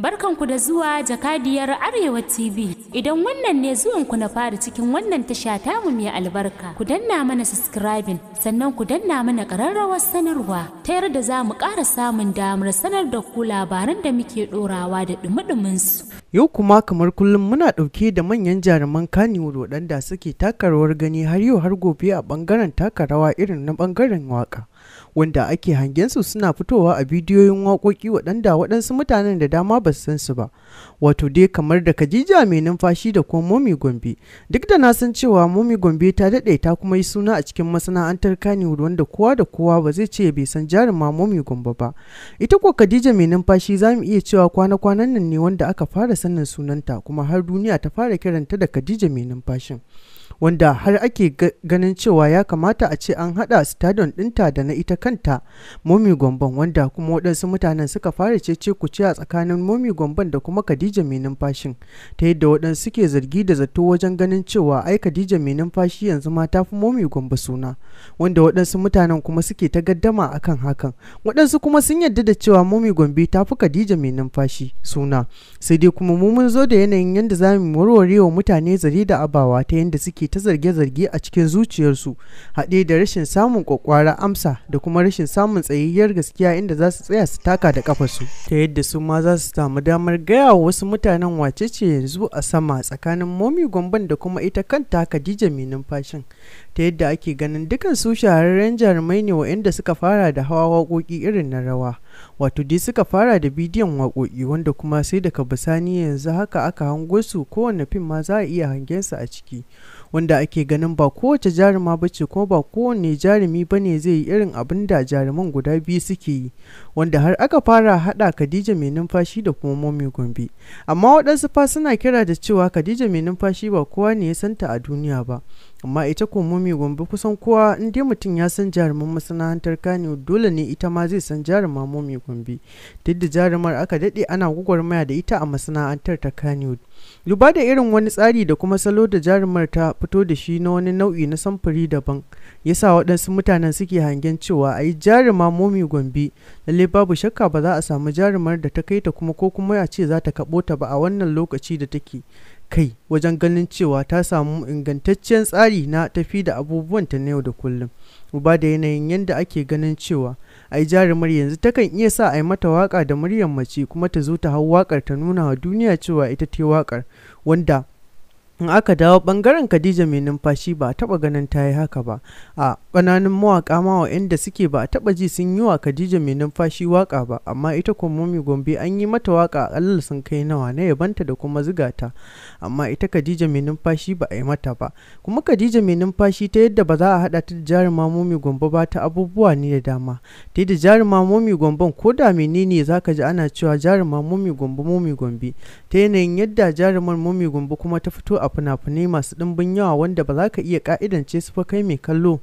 Barkanku da zuwa jakadiyar Arewa TV. Idan wannan ne zuwanku na fara cikin wannan tasha tamu mai albarka, ku danna mana subscribing sannan ku danna mana ƙararrawar sanarwa ta yarda za mu ƙara samun damar sanar da ku labaran da muke ɗorawa da ɗumi su. Yau kuma kamar kullum muna ɗauke da manyan jaruman kaniwood waɗanda suke taka rawar gani har yau har gobe a ɓangaren taka rawa irin na ɓangaren waƙa. wanda ake hangen su suna fitowa a bidiyoyin waƙoƙi waɗanda waɗansu mutanen da dama ba su san su ba wato dai kamar da kajija mai numfashi da kuma momi gombe duk da na san cewa momi gombe ta daɗe ta kuma yi suna a cikin masana'antar kaniwood wanda kowa da kowa ba zai ce bai san jarin ma momi gombe ba ita ko kadija mai numfashi za mu iya cewa kwana-kwanan nan ne wanda aka fara sanin sunanta kuma har duniya ta fara kiranta da kadija mai numfashin wanda har ake ganin cewa ya kamata a ce an haɗa stadion ɗinta da na ita kanta momi gomban wanda kuma waɗansu mutanen suka fara cece kuce a tsakanin momi gomban da kuma kadija mai numfashin ta yadda waɗansu suke zargi da zato wajen ganin cewa ai kadija mai numfashi yanzu ma ta fi momi gomba suna wanda waɗansu mutanen kuma suke ta gaddama akan hakan waɗansu kuma sun yadda da cewa momi gombe ta fi khadija mai numfashi suna sai dai kuma mu mun zo da yanayin yadda za mu warware wa mutane zari da abawa ta yadda suke ta zarge-zarge a cikin zuciyarsu haɗe da rashin samun kwakwara amsa da kuma rashin samun tsayayyar gaskiya inda za su tsaya su taka da kafarsu ta yadda su ma za su samu damar gaya wa wasu mutanen wace ce yanzu a sama tsakanin momi gwamban da kuma ita kanta khadija mai numfashin ta yadda ake ganin dukan su shahararren jarumai ne wa'inda suka fara da hawa waƙoƙi irin na rawa wato dai suka fara da bidiyon waƙoƙi wanda kuma sai daga bisani yanzu haka aka hango su kowane fim ma za a iya hangen su a ciki wanda ake ganin ba kowace jaruma ba ce kuma ba kowane jarumi ba ne zai yi irin abin da jaruman guda biyu suke yi wanda har aka fara hada Khadija mai numfashi da kuma Momi Gombe amma waɗansu fa suna kira da cewa Khadija mai numfashi ba kowa ne ya santa a duniya ba amma ita ko momi gombe kusan kowa in mutum ya san jaruman masana'antar kano dole ne ita ma zai san jaruma momi gombe duk da jarumar aka daɗe ana gwagwarmaya da ita a masana'antar ta kano duba da irin wani tsari da kuma salo da jarumar ta fito da shi na wani nau'i na samfuri daban yasa waɗansu mutanen suke hangen cewa a yi jaruma momi gombe lalle babu shakka ba za a samu jarumar da ta kai ta kuma ko kuma ya ce za ta kaɓo ta ba a wannan lokaci da take kai wajen ganin cewa ta samu ingantaccen tsari na tafi da abubuwanta na yau da kullum uba da yanayin yadda ake ganin cewa ai jarumar yanzu takan iya sa a yi mata waka da muryar mace kuma ta zo ta hau wakar ta nuna wa duniya cewa ita ta wakar wanda in aka dawo bangaren khadija mai numfashi ba a taba ganin ta yi haka ba a ƙananan mawaka ma inda suke ba a taba ji sun yi wa khadija mai numfashi waka ba amma ita kuma mummy gombe an yi mata waka akalla sun kai nawa na yabanta da kuma ziga ta amma ita khadija mai numfashi ba a yi mata ba kuma khadija mai numfashi ta yadda ba za a haɗa ta da jaruma mummy gombe ba ta abubuwa ne da dama ta da jaruma mummy gomben ko da menene za ka ji ana cewa jaruma mummy gombe mummy gombe ta yanayin yadda jarumar mummy gombe kuma ta fito a fina-finai masu ɗimbin yawa wanda ba za ka iya ƙa'idance su fa kai mai kallo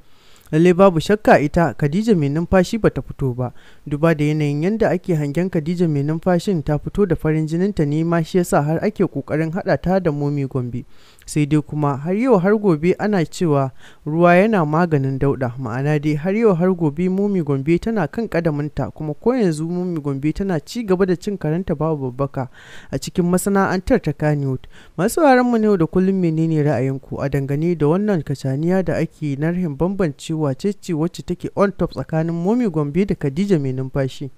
lalle babu shakka ita Khadija mai numfashi ba ta fito ba duba da yanayin yadda ake hangen Khadija mai numfashin ta fito da farin jinin ta ne ma shi yasa har ake kokarin hada ta da Momi Gombe sai dai kuma har yau har gobe ana cewa ruwa yana maganin dauda ma'ana dai har yau har gobe mumi gombe tana kan kadaminta kuma ko yanzu mumi gombe tana ci gaba da cin karanta babu babbaka a cikin masana'antar ta kaniwood masu mu ne da kullum menene ra'ayinku a dangane da wannan kacaniya da ake narhin bambancewa cece wacce take on top tsakanin mumi gombe da khadija mai numfashi